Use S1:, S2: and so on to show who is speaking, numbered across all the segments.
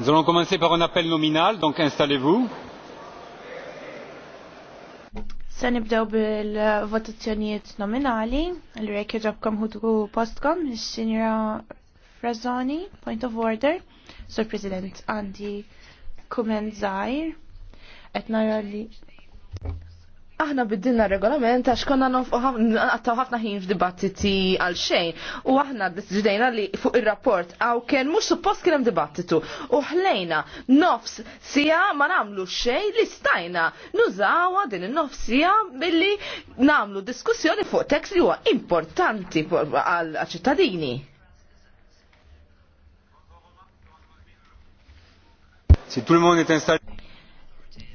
S1: Nous allons commencer par un appel nominal, donc installez-vous. Se nibdew bil-votazzjonijiet nominali, l-rek jġobkom ħutku postkom, il Frazzoni, point of order, Sir President, Andi
S2: kument zaħir, li aħna biddilna regolament għax konna għattaw ħafna ħin f'dibattiti għal xejn u aħna ġdejna li fuq il-rapport għaw kien mux suppost kienem dibattitu u ħlejna nofs sija ma namlu xejn li stajna nużawa din il-nofs sija billi namlu diskussjoni fuq tekst li huwa importanti għal ċittadini.
S1: Si tout le monde est installé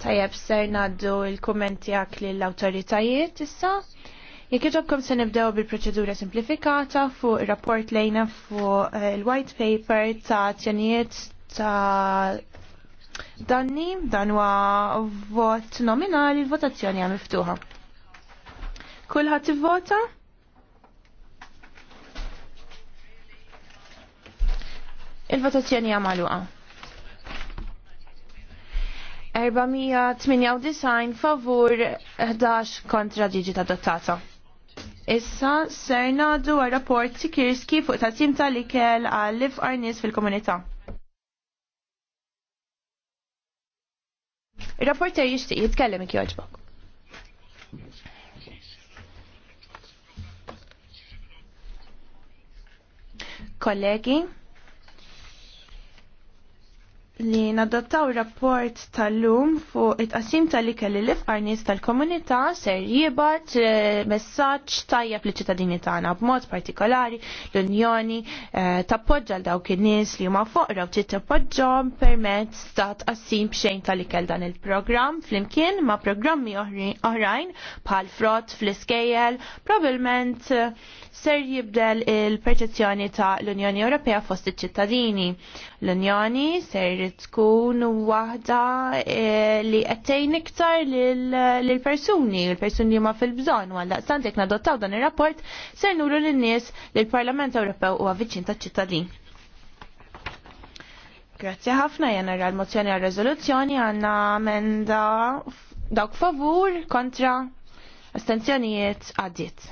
S1: tajab ser naddu il-kommenti għak l-autoritajiet issa. Jekk iġobkom se nibdew bil-proċedura simplifikata fuq ir-rapport lejna fuq eh, il-white paper ta' azzjonijiet ta' danni dan huwa vot nominali l-votazzjoni hija miftuħa. Kulħadd ivvota? Il-votazzjoni hija magħluqa. 498 favur 11 kontra ġiġi adottata. Issa ser nadu għal rapport Sikirski fuq ta' tazim tal-ikel għal lif arnis fil-komunità. Il-rapporter jishtiq jitkellem ik joġbok. Kollegi, li nadottaw rapport tal-lum fuq it-qasim tal-ikel li fqarnis tal-komunità ser jibat eh, messaġġ tajjeb li ċittadini tagħna b'mod partikolari l-Unjoni eh, tappoġġa l dawk in-nies li huma foqra u trid tappoġġhom permezz ta' tqassim b'xejn tal-ikel dan il-programm flimkien ma' programmi oħrajn bħal frott fl-iskejjel probabbilment eh, ser jibdel il-perċezzjoni ta' l-Unjoni Ewropea fost iċ-ċittadini. L-Unjoni ser trid tkun waħda eh, li qed iktar lill-persuni, l persuni ma fil-bżonn u għaldaqstant jekk nadottaw dan ir-rapport ser nuru lin-nies li l-Parlament Ewropew huwa viċin taċ-ċittadin. Grazzi ħafna jena l-mozzjoni għal rezoluzzjoni għanna menda dawk favur kontra astenzjonijiet għaddiet.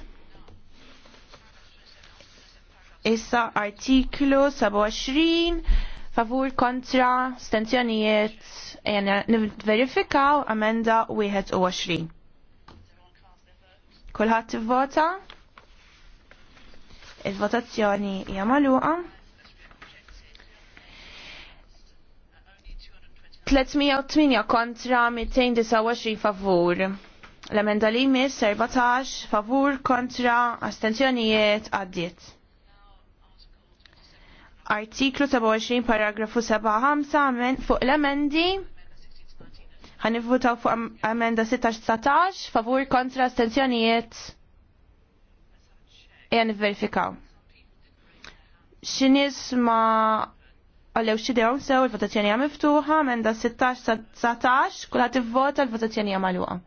S1: Issa artiklu 27 favur kontra stenzjonijiet jena verifikaw amenda 21. Kulħadd vota Il-votazzjoni hija magħluqa. 308 kontra 229 favur. L-emenda li jmiss 14 favur kontra astenzjonijiet għaddiet artiklu 27 paragrafu 75 fuq l-emendi ħanivvutaw fuq amenda 16-19 favur kontra astenzjonijiet e verifikaw. Xinis ma għallew xidew sew il-votazzjoni għam miftuħa, amenda 16-19, kullħat vota il-votazzjoni għam għaluqa.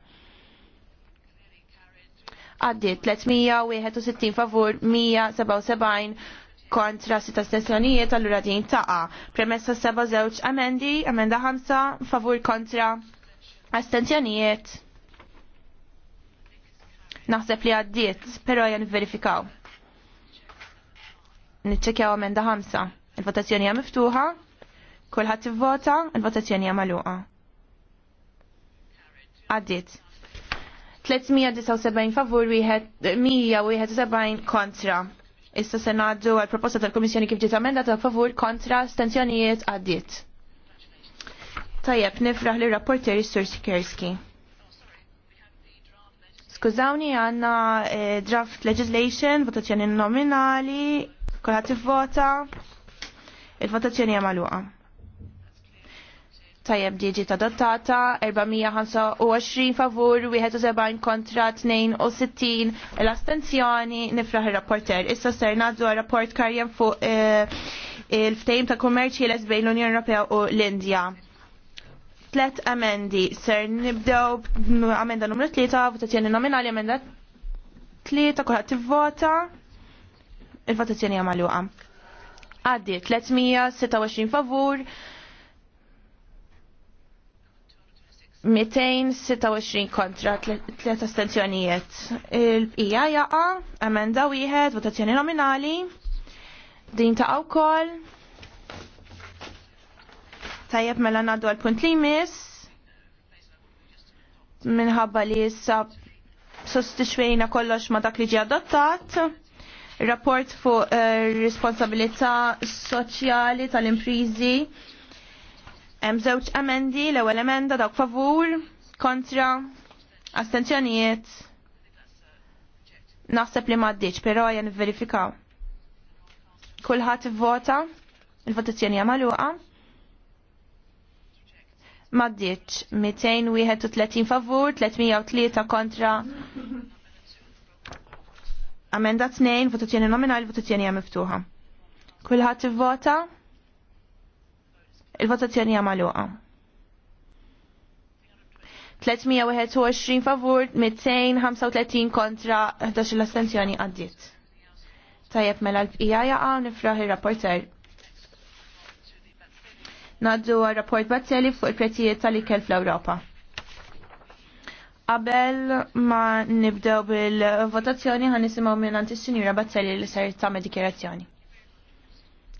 S1: Għaddit 361 favur 177 kontra sita stessjonijiet allura din taqa. Premessa seba żewġ amendi, amenda ħamsa, favur kontra astenzjonijiet. Naħseb li għaddiet, pero jen verifikaw. Nitċekjaw amenda ħamsa. Il-votazzjoni hija miftuħa, kulħadd tivvota il-votazzjoni hija magħluqa. Għaddiet. 379 favur, 179 kontra. Issa se għal għall proposta tal komissjoni kif ġiet amendata favur kontra stenzjonijiet għaddiet. Tajjeb, nifraħ li rapporteri Sur Sikerski. Skużawni għanna eh, draft legislation, votazzjoni nominali, kolħat vota il-votazzjoni għamaluqa tajjeb ta' adottata, 425 favur, 71 kontra, 62 l-astenzjoni, nifraħ il-rapporter. Issa ser naddu rapport karjem fuq eh, il-ftejm ta' kummerċi l bejn l-Unjoni Ewropea u l-Indja. Tlet amendi, ser nibdew amenda numru 3, votazzjoni nominali, amenda 3, kulħadd tivvota, il-votazzjoni magħluqa. Għaddi, 326 favur, 226 kontra 3 astenzjonijiet. il ija jaqa, emenda wieħed, votazzjoni nominali, din ta' wkoll. Tajjeb mela ngħaddu għal punt li jmiss. Minħabba li issa sostitwejna kollox ma dak li ġie adottat. Rapport fuq uh, responsabilità soċjali tal-imprizi Hemm żewġ emendi, l-ewwel emenda dawk favur, kontra, astenzjonijiet. Naħseb li m'għaddiċ, però jen verifikaw. Kulħadd ivvota, il-votazzjoni hija magħluqa. M'għaddiċ, 231 favur, 303 kontra. Amenda 2, votazzjoni nominali, votazzjoni hija miftuħa. Kulħadd ivvota. vota Il-votazzjoni hija magħluqa. 321 favur, 235 kontra, 11 l-astenzjoni għaddiet. Tajjeb mela l-bqija jaqaw nifraħ rapporter Naddu għal-rapport Bazzeli fuq il-prezzijiet tal-ikel fl-Ewropa. Qabel ma nibdew bil-votazzjoni ħan nisimgħu minn antis-Sinjura Bazzeli li ser tagħmel dikjerazzjoni.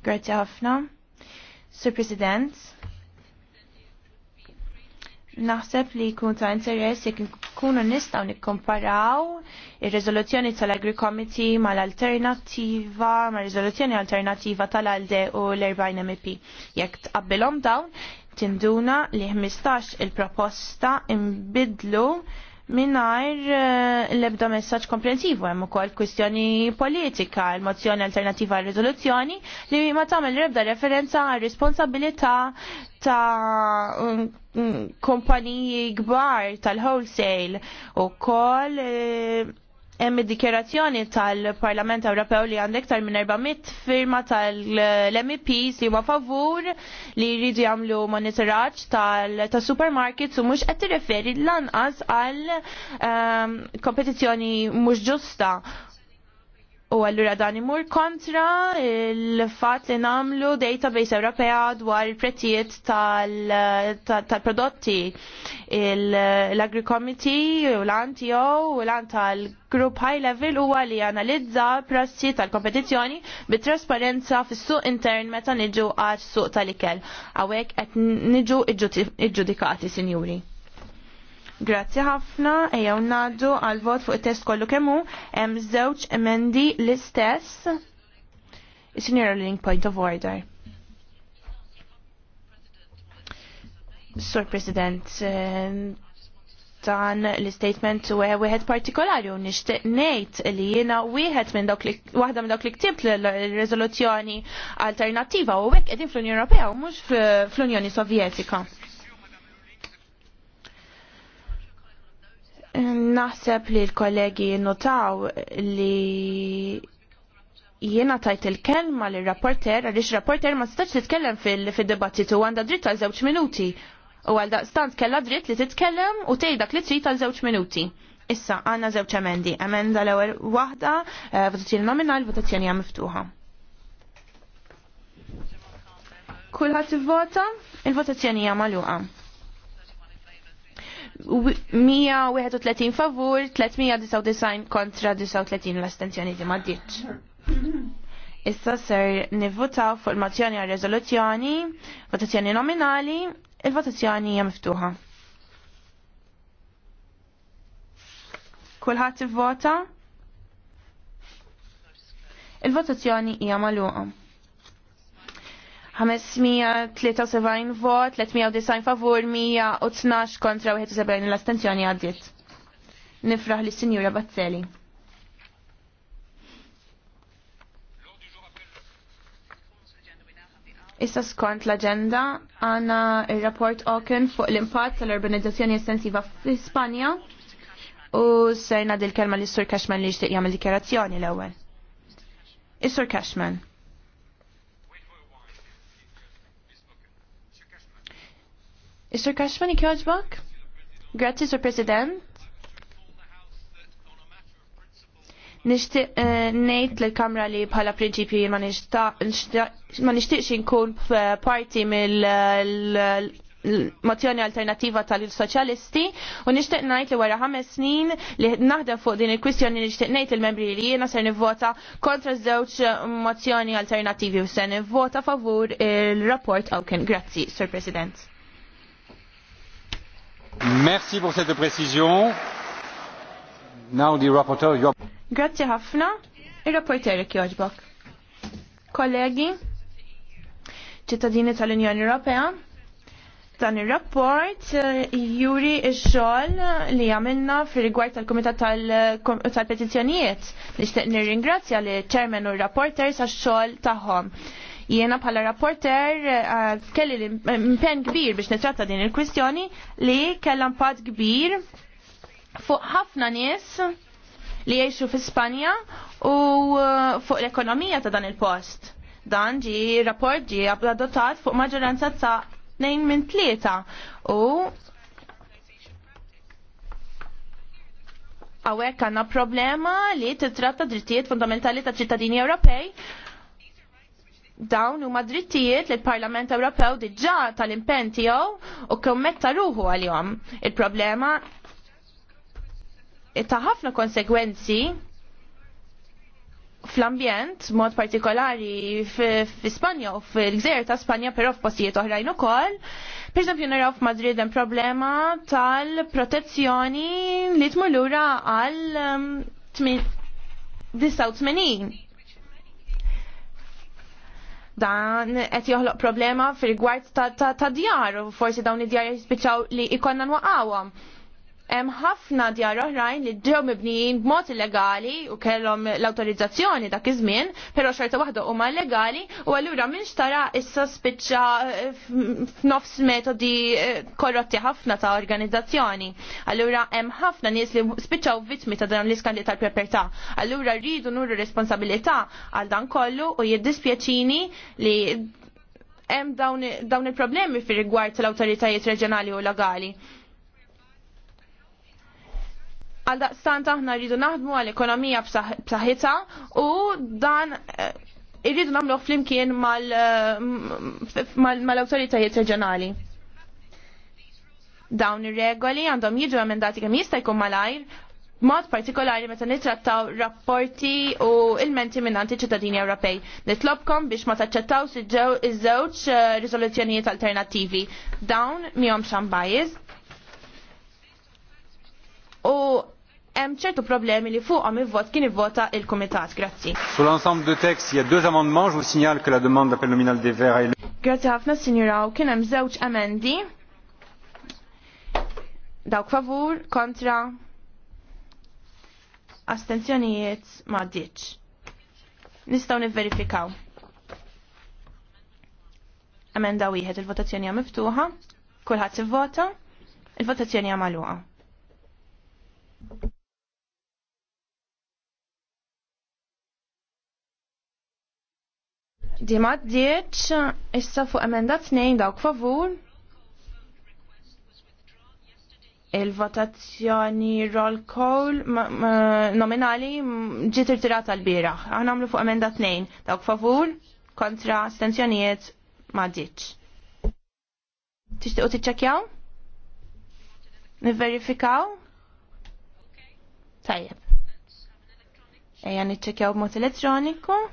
S1: Grazzi ħafna. Sir President, naħseb li jkun ta' interess jekk nkunu nistgħu nikkomparaw ir-riżoluzzjoni tal-Agri Committee mal-alternattiva, mal-riżoluzzjoni alternattiva tal-ALDE u l-40 MP. Jekk tqabbilhom dawn, tinduna li 15 il-proposta imbidlu Minnajr eh, l-ebda messaċ komprensivu hemm ukoll kwistjoni politika, il-mozzjoni alternativa għal riżoluzzjoni li ma tagħmel l-ebda referenza għal responsabilità ta' mm, mm, kompaniji kbar tal-wholesale u koll eh, hemm id-dikjerazzjoni tal-Parlament Ewropew li għandek tal minn 400 firma tal-MEPs li huwa favur li jridu jagħmlu monitoraġġ tal-supermarkets u mhux qed tirreferi lanqas għal ehm, kompetizzjoni mhux ġusta U għallura dan imur kontra il-fat li namlu database Ewropea dwar il-prezzijiet tal-prodotti. L-Agri-Committee u l-ANTIO u l anta l group High Level u li analizza prassi tal-kompetizjoni bit-trasparenza fis-suq intern meta niġu għal suq tal-ikel. Għawek għet niġu iġġudikati, sinjuri. Grazzi ħafna, ejja unnaddu għal vot fuq il-test kollu kemmu, hemm żewġ emendi l-istess. Is-Senior Link Point of Order. Sur President, eh, dan l-statement u wieħed partikolari u nixtieq ngħid li jiena wieħed minn dawk waħda minn dawk li ktibt l-riżoluzzjoni alternattiva u hekk qegħdin fl-Unjoni Ewropea u mhux fl-Unjoni Sovjetika. Naħseb li l-kollegi notaw li jiena tajt il-kelma li rapporter, għalix rapporter ma stax titkellem fil-dibattitu għanda dritt għal żewġ minuti. U għal daqstant kella dritt li titkellem u tgħidak li trid għal żewġ minuti. Issa, għanna żewġ emendi. Emenda l-ewwel waħda, eh, votazzjoni nominal, votazzjoni għam miftuħa. Kulħadd vota, il-votazzjoni għam magħluqa. 131 favur, 399 kontra 39 l-astenzjoni di maddiċ. Issa ser nivvotaw fuq il-mozzjoni għal rezoluzzjoni, votazzjoni nominali, il-votazzjoni hija miftuħa. Kulħadd ivvota? Il-votazzjoni hija magħluqa. 573 vot, 390 favur, 112 kontra 71 l-astenzjoni għaddit. Nifraħ li sinjura Bazzeli. Issa skont l-agenda għana il-rapport Oken fuq l-impatt tal-urbanizzazzjoni estensiva fl-Ispanja u sejna dil-kelma li sur Cashman li jishtiq jgħamil dikjerazzjoni l-ewel. Is-sur Cashman. Is-Sur Cashman ikjoġbok? Grazzi, Sur President. Nishtiq eh, nejt l-kamra li bħala principi ma nishtiqx nkun parti mill-mozzjoni alternativa tal-soċjalisti u nishtiq nejt li wara ħames snin li naħdem fuq din il-kwistjoni nishtiq nejt il-membri li jiena ser nivvota kontra żewġ mozzjoni alternativi u ser nivvota favur il-rapport Awken. Grazzi, Sir President. Merci pour cette précision.
S2: Now the rapporteur, your...
S1: Grazie ħafna. Il-rapporter jogħġbok. Kollegi, ċittadini tal-Unjoni Ewropea, dan il-rapport eh, juri il-xol li għamilna fil rigward tal-Komitat tal-Petizjonijiet. Nishtiq nirringrazzja li ċermen u l-Rapporter sa xol taħħom. Jiena bħala rapporter eh, kelli l-impen kbir biex nitratta din il-kwistjoni li kellha impatt kbir fuq ħafna nies li jgħixu fi Spanja u eh, fuq l-ekonomija ta' dan il-post. Dan ġi rapport ġi abladotat fuq maġġoranza ta' 2 minn 3 u għawek għanna problema li titratta drittijiet fundamentali ta' ċittadini Ewropej dawn huma drittijiet li l-Parlament Ewropew diġà tal-impenn tiegħu u kommetta ruħu għalihom. Il-problema ta' ħafna konsegwenzi fl-ambjent, mod partikolari fl-Ispanja u fil-gżer ta' Spanja, però f'postijiet oħrajn ukoll. Per esempio, naraw f'Madrid hemm problema tal-protezzjoni li tmur lura għal 89 um, Dan qed joħloq problema fil rigward ta', ta, djar u forsi dawn id-djar jispiċċaw li ikonna nwaqgħuhom hemm ħafna djar oħrajn li ġew mibnijin b'mod illegali u kellhom l-awtorizzazzjoni dak iż-żmien, però xorta waħda huma illegali u allura minn xtara issa spiċċa eh, f'nofs metodi eh, korrotti ħafna ta' organizzazzjoni. Allura hemm ħafna nies li spiċċaw vittmi ta' dan l-iskandi tal-proprjetà. Allura rridu nuru responsabilità għal dan kollu u jiddispjaċini li hemm dawn il-problemi fir rigward tal-awtoritajiet reġjonali u legali. Għal daqstant aħna rridu naħdmu għal ekonomija b'saħħitha u dan eh, irridu nagħmluh flimkien eh, mal-awtoritajiet reġjonali. Dawn ir-regoli għandhom jiġu emendati kemm jista' jkun malajr mod partikolari meta nittrattaw rapporti u il-menti anti ċittadini Ewropej. Nitlobkom biex ma taċċettawx iż-żewġ eh, riżoluzzjonijiet alternattivi. Dawn mihom xambajiz. U hemm ċertu problemi li fuqhom il-vot kien ivvota il-Kumitat. Grazzi. Sul l'ensemble de text il y a deux amendements. Je vous signale que la demande d'appel nominal des Verts est Grazzi ħafna sinjuraw, kien hemm żewġ emendi. Dawk favur, kontra, astenzjonijiet ma' ditx. Nistaw nivverifikaw. Emenda wieħed il-votazzjoni hija miftuħa, kulħadd ivvota, il-votazzjoni hija magħluqa. Di dieċ, issa fuq emenda t-nejn dawk favur. Il-votazzjoni roll call nominali ġiet irtirata l-biraħ. Aħna għamlu fuq emenda t-nejn dawk favur kontra stenzjonijiet maddieċ. Tixtiqu tiċċekkjaw? Niverifikaw? Tajjeb. Ejja niċċekjaw b'mod elettroniku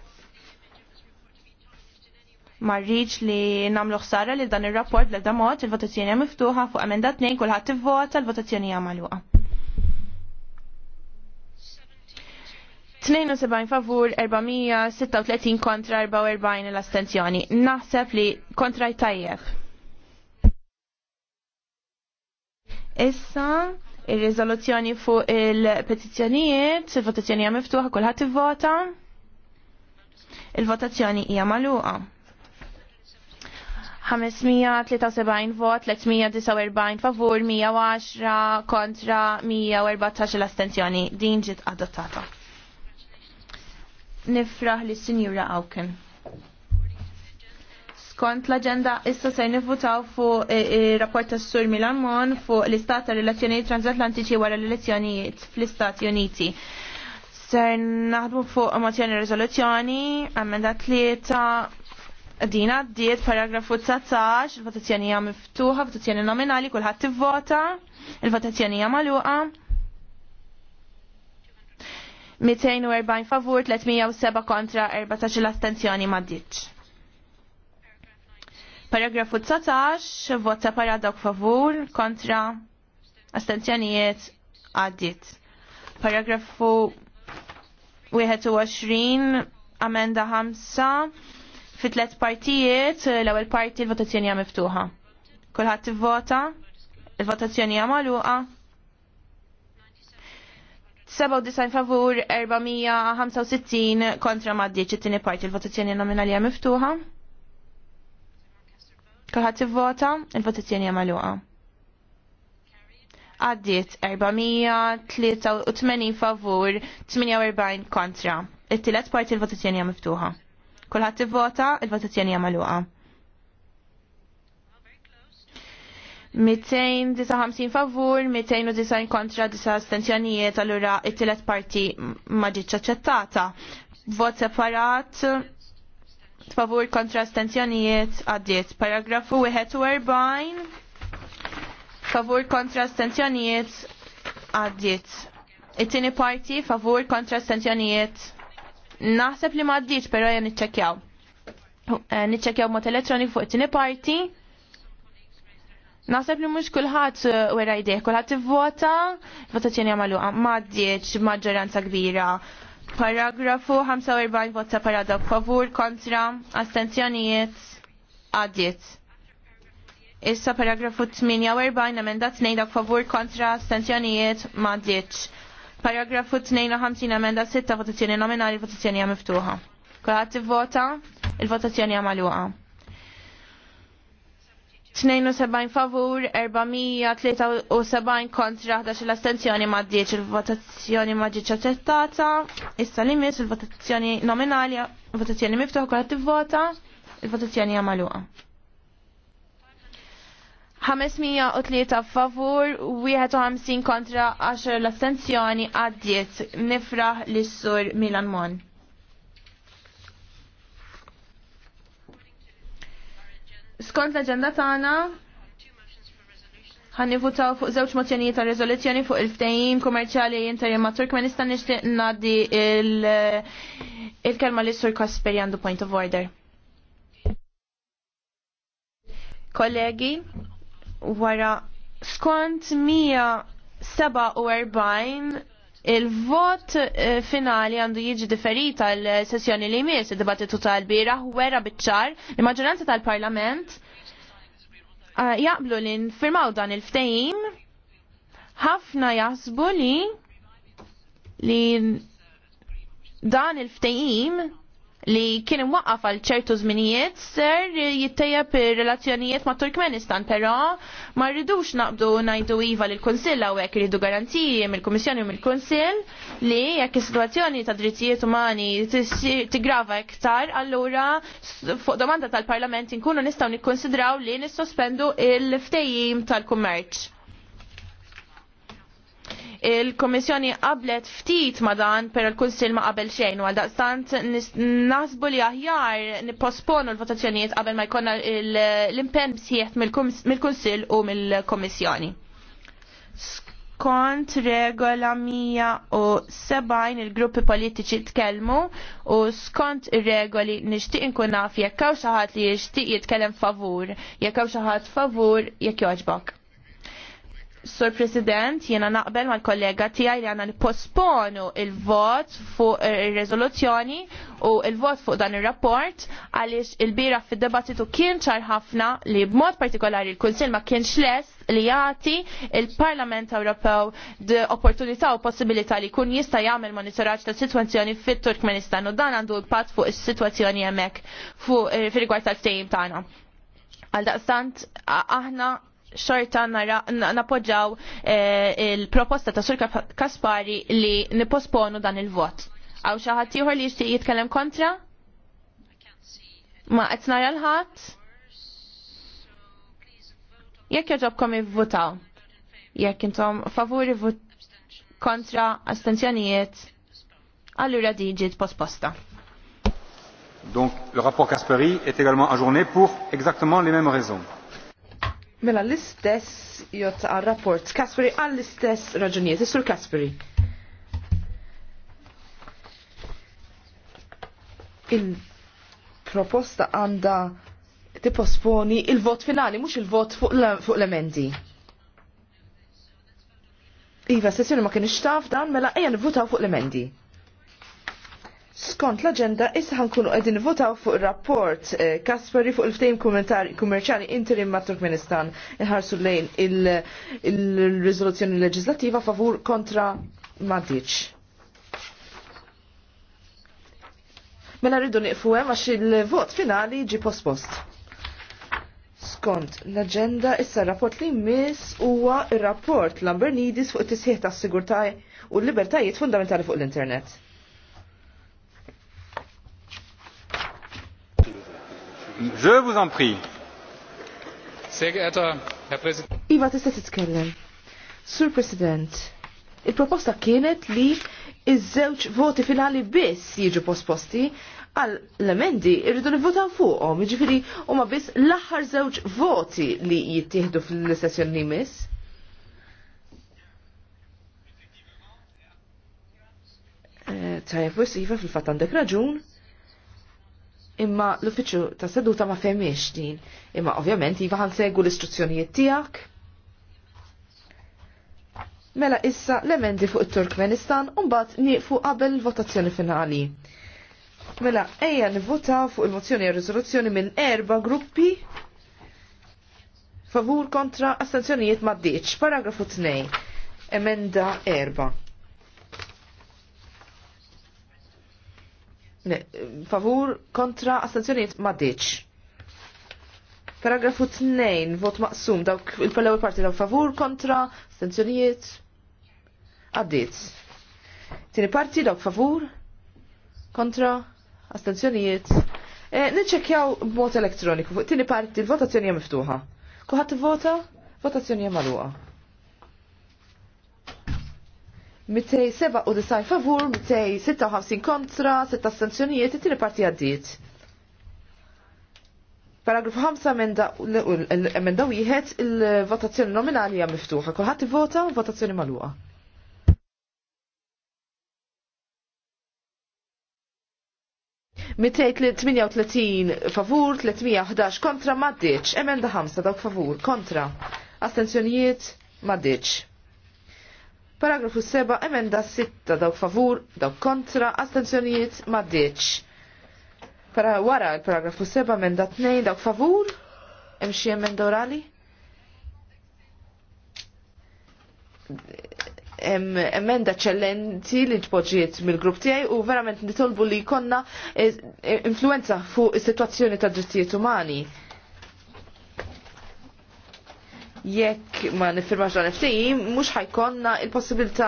S1: marriċ li namlu ħsara li dan il-rapport l da mod il-votazzjoni hija miftuħa fuq emenda 2 kulħadd tivvota l-votazzjoni hija magħluqa. 72 favur, 436 kontra 44 l-astenzjoni. Naħseb li kontra jtajjeb. Issa, il-rizoluzzjoni fuq il-petizzjonijiet, il-votazzjoni hija miftuħa, kulħadd tivvota Il-votazzjoni hija magħluqa. 573 vot, 349 favur, 110 kontra, 114 l-astenzjoni. Din ġiet adottata. Nifraħ li sinjura Awken. Skont l-agenda issa se nivvutaw fuq ir-rapport e, e, tas Sur Milan Mon fuq l-istat ta' relazzjonijiet transatlantiċi wara l-elezzjonijiet fl-Istati Uniti. Ser naħdmu fuq mozzjoni e riżoluzzjoni, li ta' Dina għaddiet paragrafu 19, il-votazzjoni hija miftuħa, votazzjoni nominali, kulħadd tivvota, il-votazzjoni hija magħluqa. 240 favur, 307 kontra, 14 l-astenzjoni ma ditx. Paragrafu 19, vota paradok favur, kontra, astenzjonijiet għaddit. Paragrafu 21, amenda 5, fi tlet partijiet eh, l-ewwel parti l-votazzjoni hija miftuħa. Kulħadd tivvota, il-votazzjoni hija magħluqa. 97 favur 465 kontra maddiċ it-tieni parti il votazzjoni nominali hija miftuħa. Kulħadd tivvota, il-votazzjoni hija magħluqa għaddiet 483 favur, 48 kontra. It-tielet parti il votazzjoni hija miftuħa. Kulħadd ivvota, il-votazzjoni għamaluqa. magħluqa. 259 favur, 290 kontra, 9 astenzjonijiet, allura it-tielet parti ma ġietx aċċettata. Vot separat, favur kontra astenzjonijiet għaddiet. Paragrafu 41, favur kontra astenzjonijiet għaddiet. It-tieni parti favur kontra astenzjonijiet Naħseb li maddiċ, pero jen nitċekjaw. Eh, nitċekjaw mot elettronik fuq it-tini parti. Naħseb li mux kullħat eh, wera jdej, kullħat t-vota, t-tini għamalu, maddiċ maġġoranza kbira. Paragrafu 45 vota paradok, favur kontra astenzjonijiet għaddiet. Issa paragrafu 48 emendat 2 favur kontra astenzjonijiet ma' Paragrafu 52 emenda 6 votazzjoni nominali votazzjoni hija miftuħa. Kulħadd vota il-votazzjoni hija magħluqa. 72 favur, 473 kontra 11 l-astenzjoni ma' 10 il-votazzjoni ma' ġiċ aċċettata. Issa li il-votazzjoni nominali, votazzjoni miftuħa kulħadd vota il-votazzjoni hija magħluqa. 503 favur, 51 kontra 10 l-astenzjoni għaddiet nifraħ l-sur Milan Mon. Skont l-agenda tagħna ħannivutaw fuq żewġ mozzjonijiet ta' riżoluzzjoni fuq il-ftehim kummerċjali interim ma' Turkmenistan nixtieq ngħaddi il-kelma il lis-Sur Kasperi għandu point of order. Kollegi, wara skont 147 il-vot eh, finali għandu jiġi differita l-sessjoni li jmiss id-dibattitu tal-bira wera bitċar il-maġġoranza tal-parlament eh, jaqblu li nfirmaw dan il-ftejim ħafna jasbu li li dan il-ftejim li kien imwaqqaf għal ċertu żminijiet ser jittejjeb ir-relazzjonijiet ma' Turkmenistan, però ma rridux naqbdu ngħidu iva lil kunsilla u hekk iridu garanziji mill-Kummissjoni u mill-Kunsill li jekk is-sitwazzjoni ta' drittijiet umani tigrava iktar, allura fuq domanda tal-Parlament inkunu nistgħu nikkonsidraw li nissospendu il-ftejjim tal-kummerċ. Il-Komissjoni qablet ftit ma dan per il-Kunsil ma qabel xejn u għaldaqstant nasbu li aħjar nipposponu l-votazzjonijiet qabel ma jkollna l-impenn bsieħ mill-Kunsil u mill-Komissjoni. Skont regola 107 il-gruppi politiċi tkellmu u skont regoli nixtieq inkun naf jekk hawn xi ħadd li jixtieq jitkellem favur, jekk hawn favur jekk jogħġbok. Sur President, jiena naqbel mal kollega tiegħi li għandna nipposponu il-vot fuq ir-riżoluzzjoni u il-vot fuq dan ir-rapport għaliex il-bira fid-debattitu kien ċar ħafna li b'mod partikolari l-Kunsill ma kienx lest li jagħti il-Parlament Ewropew opportunità u possibilità li jkun jista' jagħmel monitoraġġ ta' sitwazzjoni fit-Turkmenistan u dan għandu impatt fuq is-sitwazzjoni hemmhekk fuq eh, fir tal-ftehim tagħna. Għaldaqstant aħna xorta napoġaw eh, il-proposta ta' Sur Kaspari li niposponu dan il-vot. Għaw xaħat jħor li jishtiq jitkellem kontra? Ma qed nara l-ħadd? Jekk jaġobkom ivvutaw. Jekk intom favuri vot kontra astenzjonijiet, allura diġi posposta. Donc le rapport Kasperi est également ajourné pour exactement les mêmes raisons.
S2: Mela l-istess jott għal rapport Kasperi għall istess raġunijiet. Sur Kasperi. Il-proposta għanda tiposponi il-vot finali, mux il-vot fuq l-emendi. Iva, sessjoni ma kienx taf dan, mela ejja nivvutaw fuq l-emendi. Skont l-agenda, issa ħankunu għedin votaw fuq rapport eh, Kasperi fuq il ftejn kummerċali interim ma' Turkmenistan iħarsu lejn il-rizoluzzjoni leġislativa favur kontra Madiċ. Mela rridu niqfu hemm għax il-vot finali ġi post-post. Skont l-agenda issa rapport li miss huwa ir-rapport Lambernidis fuq it-tisħiħ tas-sigurtà u l-libertajiet fundamentali fuq l-internet.
S1: Je vous en prie. Sehr geehrter Herr Präsident.
S2: Iva, tista' titkellem. Sur President, il-proposta kienet li iż-żewġ voti finali biss jiġu posposti għal l-emendi irridu nivvotaw fuqhom, jiġifieri huma biss l-aħħar żewġ voti li jittieħdu fl sessjoni li miss. Eh, tajjeb, iva fil-fatt għandek raġun imma l-uffiċċju ta' seduta ma femiex din. Imma ovvjament iva segu l-istruzzjonijiet tiegħek. Mela issa l-emendi fuq it-Turkmenistan u mbagħad nieqfu qabel votazzjoni finali. Mela ejja nivvota fuq il-mozzjoni e riżoluzzjoni minn erba' gruppi favur kontra astenzjonijiet maddiċ. Paragrafu 2. Emenda erba'. favur kontra astenzjoniet ma ditx. Paragrafu 2, vot maqsum, dawk il-pallew parti daw favur kontra astenzjoniet għaddit. Tini parti dawk favur kontra astenzjoniet. E, b-mot elettroniku, tini parti il votazzjoni miftuħa. Kuħat vota? Votazzjoni hija magħluqa. 297 favur, 256 kontra, 6 assenzjonijiet, it-tieni parti għaddiet. Paragrafu 5 emenda wieħed il-votazzjoni nominali hija miftuħa. Kulħadd ivota, votazzjoni magħluqa. Mitejt 38 favur, 311 kontra maddiċ, emenda 5 dawk favur, kontra. Astenzjonijiet maddiċ. Paragrafu 7, emenda 6, dawk favur, dawk kontra, astenzjonijiet ma ditx. Para wara il-paragrafu 7, emenda 2, dawk favur, emxie emenda orali. Em, emenda ċellenti li ġpoġiet mill-grupp tiegħi u verament nitolbu li jkollna eh, eh, influenza fuq is-sitwazzjoni ta' drittijiet umani jekk ma nifirmax dan il fti mhux ħajkonna il-possibilità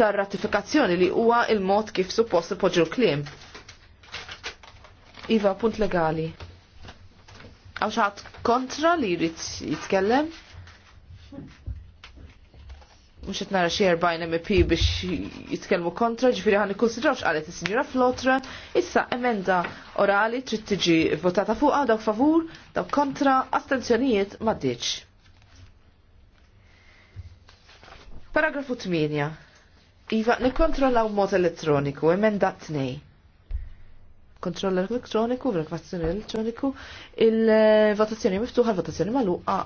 S2: tar-ratifikazzjoni li huwa il-mod kif suppost poġġu l Iva, punt legali. Għawx ħat kontra li jrid jitkellem? Mux qed nara 40 MP biex jitkellmu kontra, ġifiri ħan ikkonsidrawx qalet is-sinjura Flotra, issa emenda orali trid tiġi votata fuqha dawk favur, dawk kontra, astenzjonijiet ma' Paragrafu 8. Iva, nikkontrollaw mod elettroniku, emenda 2. Kontroll elettroniku, verifikazzjoni elettroniku, il-votazzjoni miftuħa, il-votazzjoni maluqa.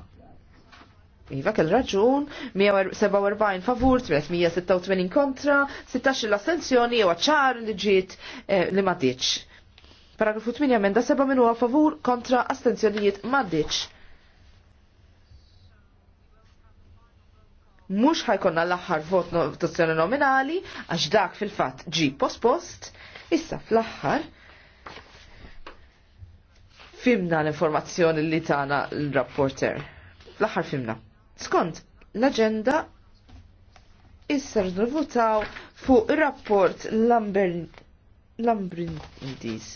S2: Iva, kell raġun, 147 favur, 386 kontra, 16 l assenzjoni jew ċar li ġiet eh, li ma Paragrafu 8, emenda 7 minu favur kontra astenzjonijiet ma mux ħajkonna l-axħar vot votazzjoni nominali, għax dak fil-fat ġi post-post, issa fl-axħar fimna l-informazzjoni li tana l-rapporter. fl axħar fimna. Skont, l-agenda issa votaw fuq il-rapport Lambrindis.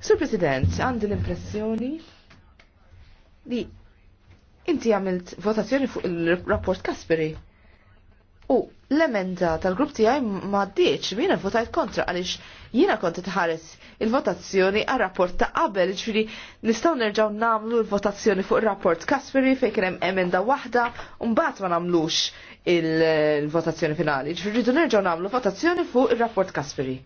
S2: Sur President, għandi l-impressjoni li Inti għamilt votazzjoni fuq il-rapport Kasperi. U l-emenda tal-grupp tiegħi ma d-dieċ, jiena votajt kontra għaliex jiena konti tħares il-votazzjoni għal rapport ta' qabel, ġviri nistgħu nerġgħu nagħmlu l-votazzjoni fuq ir-rapport Kasperi fejn hemm emenda waħda u mbagħad ma nagħmlux il-votazzjoni finali. ġviri rridu nerġgħu nagħmlu votazzjoni fuq ir-rapport Kasperi.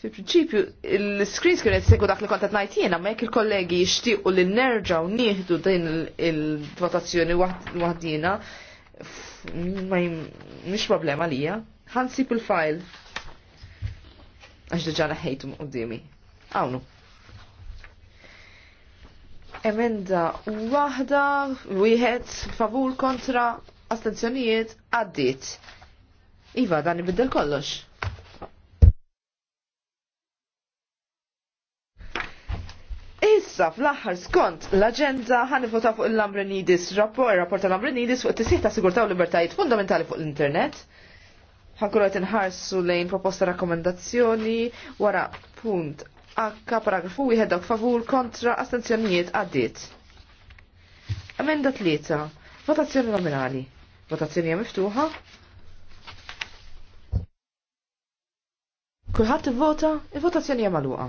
S2: Fil-prinċipju, il-screens kienet segu dak li kontet najt jena, ma jek il-kollegi jishtiqu li u nieħdu din il-votazzjoni wahdina, ma mux problema lija. Ħansib il-file. Għax dġana ħejtu dimi. Għawnu. Emenda wahda, wieħed, favur kontra, astenzjonijiet, għaddit. Iva, dan ibiddel kollox. Issa fl-aħħar skont l-aġenda ħanifota fuq il-Lambrenidis rapport, rapport tal-Lambrenidis fuq tisih ta' sigurtaw libertajiet fundamentali fuq l-internet. Ħan qed inħarsu lejn proposta rakkomendazzjoni wara punt H paragrafu wieħed favur kontra astenzjonijiet għaddiet. Emenda tlieta. Votazzjoni nominali. Votazzjoni hija miftuħa. Kulħadd ivvota, il-votazzjoni hija magħluqa.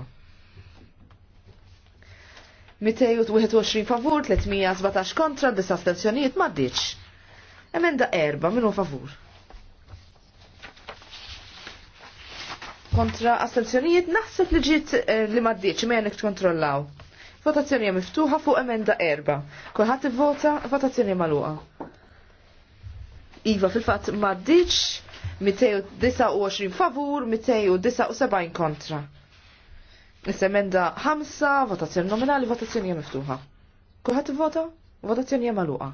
S2: 221 favur, 317 kontra, disa astenzjonijiet ma ddiċ. Emenda erba, minu favur. Kontra astenzjonijiet naħseb li ġiet eh, li ma ddiċ, ma jenek kontrollaw. Votazzjoni miftuħa fuq emenda erba. Kulħadd ivvota votazzjoni magħluqa. Iva fil-fatt ma ddiċ 229 favur, 279 kontra. Nis-emenda 5, votazzjoni nominali, votazzjoni miftuħa. Kulħadd vota? Votazzjoni hija magħluqa.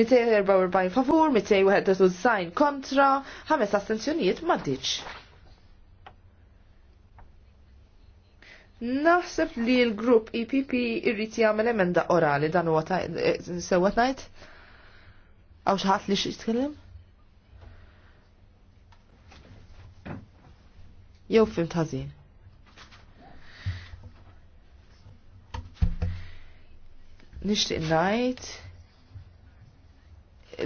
S2: 244 favur, 291 kontra, 5 astenzjonijiet ma ditx. Naħseb li l-grupp IPP e irrit jagħmel emenda orali dan huwa eh, sewwa ngħid? Għaw xi ħadd li xi jitkellem? jew film ħażin. Nixtieq ngħid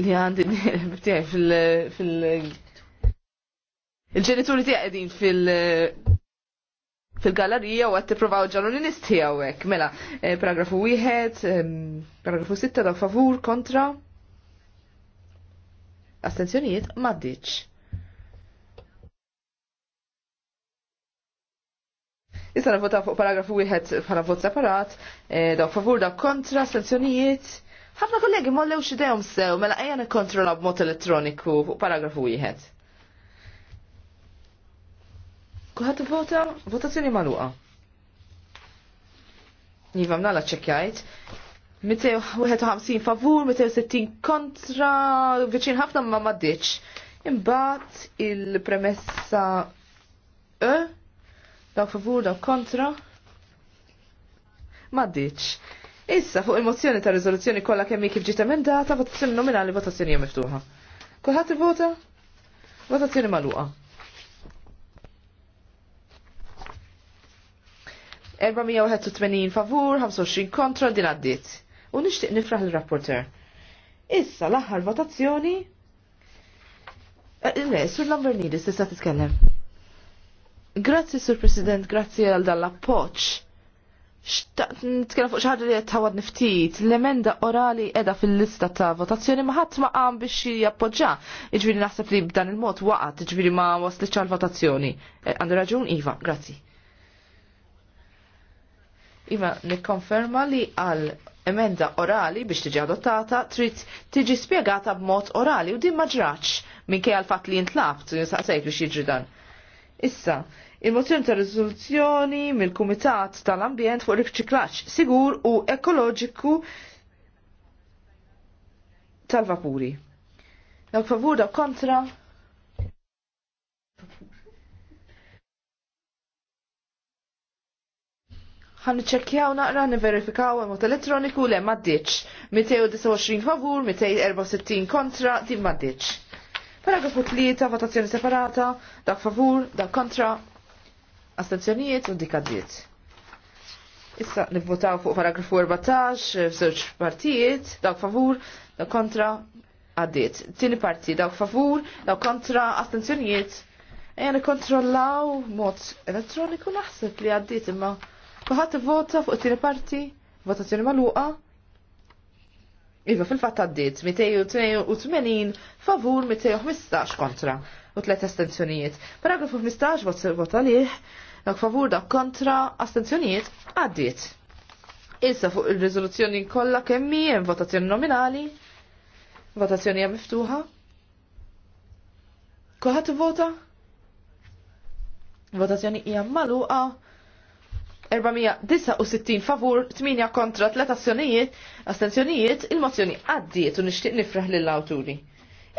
S2: li għandi btiegħi fil fil il-ġenituri tiegħi fil fil-gallerija u għed tipprovaw ġallu li nistijaw hekk. Mela, eh, paragrafu wieħed, ehm, paragrafu sitta da favur kontra. Astenzjonijiet maddiċ. Issa nivvotaw fuq paragrafu wieħed bħala vot separat, e, daw favur daw kontra, sanzjonijiet. Ħafna kollegi mollew xidejhom sew mela ejja nikkontrolla b'mod elettroniku fuq paragrafu wieħed. Kuħat vota votazzjoni magħluqa. Iva mnala ċekkjajt. 251 favur, 260 kontra, viċin ħafna ma maddiċ. Imbagħad il-premessa E Daw favur, daw kontra. Maddiċ. Issa fuq il-mozzjoni ta' rizoluzzjoni kollha kemm kif ġiet emendata votazzjoni nominali votazzjoni hija miftuħa. Kulħadd ivota? Votazzjoni magħluqa. 481 favur, 25 kontra din għaddiet. U nixtieq nifraħ il-rapporter. Issa l-aħħar votazzjoni. Eh, le, sur Lambernidis tista' titkellem. Grazzi, Sur President, grazzi għal dall-appoċ. Nitkellem fuq xi ħaġa li qed tawad niftit, l-emenda orali qiegħda fil-lista ta' votazzjoni ma ħadd ma qam biex jappoġġa. Jiġifieri naħseb li b'dan il-mod waqgħet, jiġifieri ma waslitx għall votazzjoni. E, Għandu raġun Iva, grazzi. Iva, nikkonferma li għal emenda orali biex tiġi adottata trid tiġi spjegata b'mod orali u din ma minn kej għal fatt li jintlabt, saqsejt biex jiġri dan. Issa, il-mozzjoni ta' riżoluzzjoni mill-Kumitat tal-Ambjent fuq riċiklaġġ sigur u ekoloġiku tal-vapuri. Dawk favur da' kontra. ħan ċekkjaw naqra niverifikaw mod elettroniku le maddiċ. 229 favur, 264 kontra, din maddiċ. Paragrafu 3, votazzjoni separata, dak favur, dak kontra, Astenzjonijiet u dikaddiet. Issa nivvotaw fuq paragrafu 14 f'żewġ partijiet, dawk favur, dawk kontra, għaddiet. Tieni parti dawk favur, dawk kontra, astenzjonijiet. Ejja nikkontrollaw mod elettroniku naħseb li għaddiet imma kulħadd ivvota fuq it-tieni parti, votazzjoni magħluqa. Iva fil-fatt għaddit, 282 favur 215 kontra u tlet astenzjonijiet. Paragrafu 15 vot għalih, dak favur dak kontra astenzjonijiet għaddit. Issa fuq il-rizoluzzjoni kollha kemm hemm votazzjoni nominali, votazzjoni hija miftuħa. Kulħadd ivvota? Votazzjoni hija magħluqa 469 favur, 8 kontra 3 azzjonijiet, astenzjonijiet, il-mozzjoni għaddiet u nixtieq nifraħ lill awturi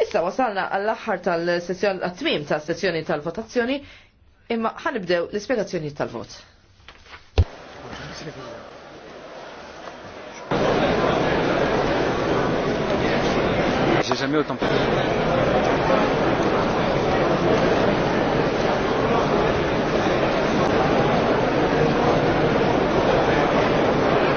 S2: Issa wasalna għall-aħħar tal-sessjoni għat-tmim tas-sessjoni tal-votazzjoni, imma ħanibdew l ispiegazzjoni tal-vot. J'ai
S1: tam.